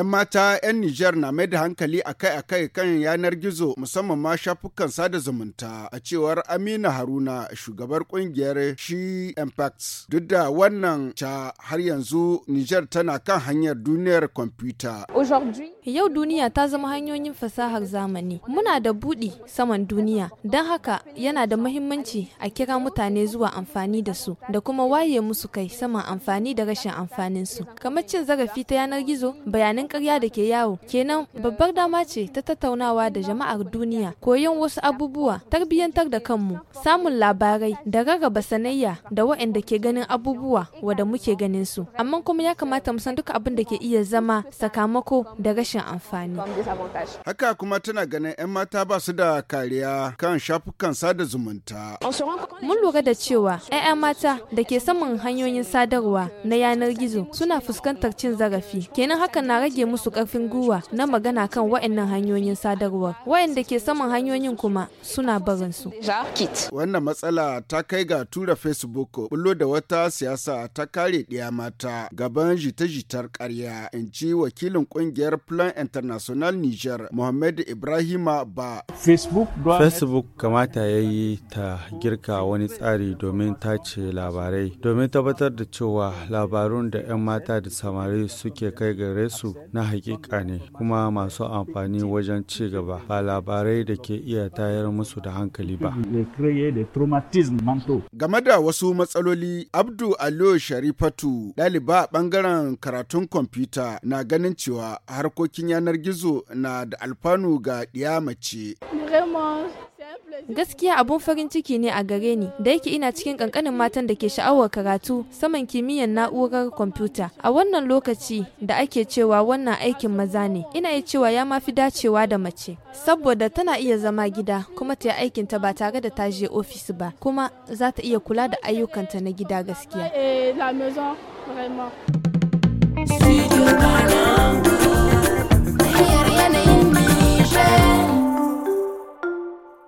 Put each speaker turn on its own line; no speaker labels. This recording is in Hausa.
'Yan mata 'yan Nijar na mai da hankali akai-akai kan yanar gizo musamman ma shafukan sada zumunta a cewar Amina Haruna shugabar kungiyar She Impacts. Duk da wannan ta har yanzu Nijar tana kan hanyar duniyar kwamfuta.
Yau duniya ta zama hanyoyin fasahar zamani. Muna da buɗi saman duniya, don haka yana da mahimmanci a kira mutane zuwa amfani da su da kuma waye musu kai saman amfani da rashin amfaninsu. Kamar cin zarafi ta yanar gizo, bayanan karya da ke yawo kenan babbar dama ce ta tattaunawa da jama'ar duniya koyon wasu abubuwa tarbiyyantar da kanmu samun labarai da rarraba sanayya da waɗanda ke ganin abubuwa wada muke ganin su amma kuma ya kamata mu san duka abin da ke iya zama sakamako da rashin amfani
haka kuma tana ganin 'yan mata ba su da kariya kan shafukan sada zumunta
mun lura da cewa 'ya'ya mata da ke saman hanyoyin sadarwa na yanar gizo suna fuskantar cin zarafi kenan haka na rage rage musu karfin gwiwa na magana kan waɗannan hanyoyin sadarwar waɗanda ke saman hanyoyin kuma suna barin su
wannan matsala ta kai ga tura facebook bullo da wata siyasa ta kare ɗiya mata gaban jita-jitar karya in ci wakilin ƙungiyar plan international niger Mohamed ibrahima ba
facebook, kamata ya yi ta girka wani tsari domin tace labarai domin tabbatar da cewa labarun da 'yan mata da samari suke kai gare su na hakika ne kuma masu amfani wajen ci gaba ba labarai da ke iya tayar musu da hankali ba.
Game da wasu matsaloli, Abdu Aliyu Sharifatu, ɗaliba a ɓangaren karatun kwamfuta na ganin cewa harkokin yanar gizo na da alfanu ga ɗiya mace.
Gaskiya abun farin ciki ne a gare ni da yake ina cikin kankanin matan da ke sha'awar karatu saman kimiyyar na'urar kwamfuta. A wannan lokaci da ake cewa wannan aikin maza ne, ina yi cewa ya ma fi dacewa da mace. Saboda tana iya zama gida kuma ta yi aikinta ba tare da ta je ofis ba, kuma za ta iya kula da ayyukanta na gida gaskiya. Eh,